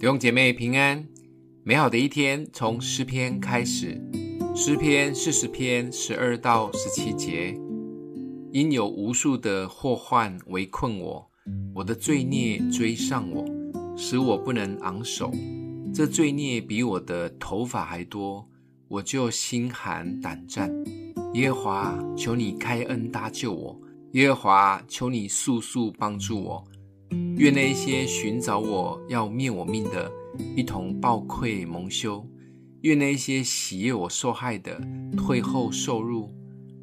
弟兄姐妹平安，美好的一天從詩篇開始。詩篇四十篇十二到十七節，因有無數的禍患圍困我，我的罪孽追上我，使我不能昂首。這罪孽比我的頭髮還多，我就心寒膽戰。耶和華，求你開恩搭救我！耶和華，求你速速幫助我！願那一些尋找我要滅我命的，一同抱愧蒙羞；願那一些喜悅我受害的，退後受辱；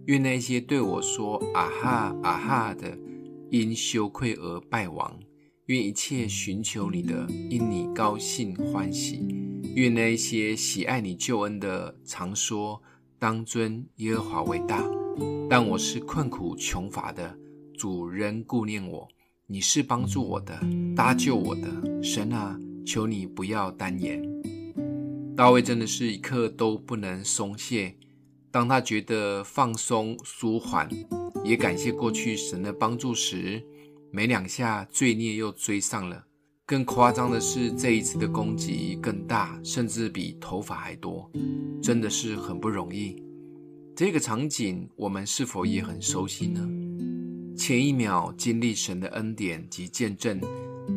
願那一些對我說啊哈啊哈的，因羞愧而敗亡。願一切尋求你的，因你高興歡喜；願那一些喜愛你救恩的，常說當尊耶和華為大。但我是困苦窮乏的，主仍顧念我。你是幫助我的、搭救我的神啊！求你不要耽延。大衛真的是一刻都不能鬆懈。當他覺得放鬆、舒緩，也感謝過去神的幫助時，沒兩下罪孽又追上了。更誇張的是，這一次的攻擊更大，甚至比頭髮還多，真的是很不容易。這個場景，我們是否也很熟悉呢？前一秒經歷神的恩典及見證，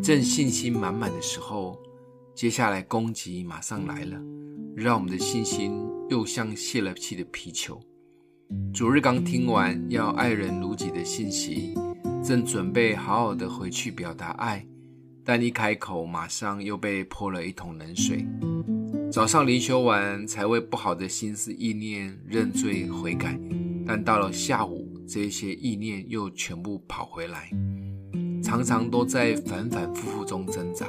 正信心滿滿的時候，接下來攻擊馬上來了，讓我們的信心又像洩了氣的皮球。主日剛聽完要愛人如己的信息，正準備好好的回去表達愛，但一開口馬上又被潑了一桶冷水。早上靈修完才為不好的心思意念認罪悔改，但到了下午，這些意念又全部跑回來，常常都在反反复覆中掙扎，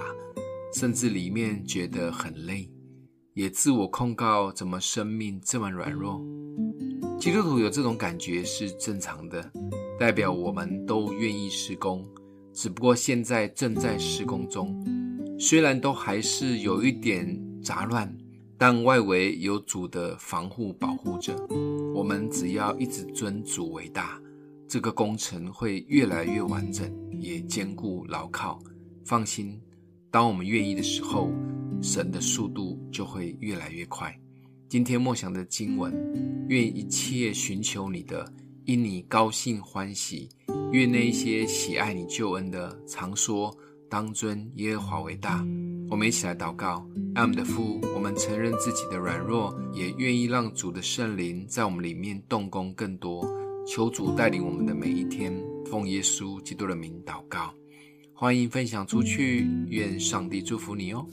甚至裡面覺得很累，也自我控告怎麼生命這麼軟弱。基督徒有這種感覺是正常的，代表我們都願意施工，只不過現在正在施工中，雖然都還是有一點雜亂。但外圍有主的防護保護着，我們只要一直尊主為大，這個工程會越來越完整，也堅固牢靠。放心，當我們願意的時候，神的速度就會越來越快。今天默想的經文，願一切尋求你的，因你高興歡喜；願那一些喜愛你救恩的，常說：當尊耶和華為大。我們一起來禱告，阿們的父，我們承認自己的軟弱，也願意讓主的聖靈在我們裡面動工更多。求主帶領我們的每一天，奉耶穌基督的名禱告。歡迎分享出去，願上帝祝福你哦。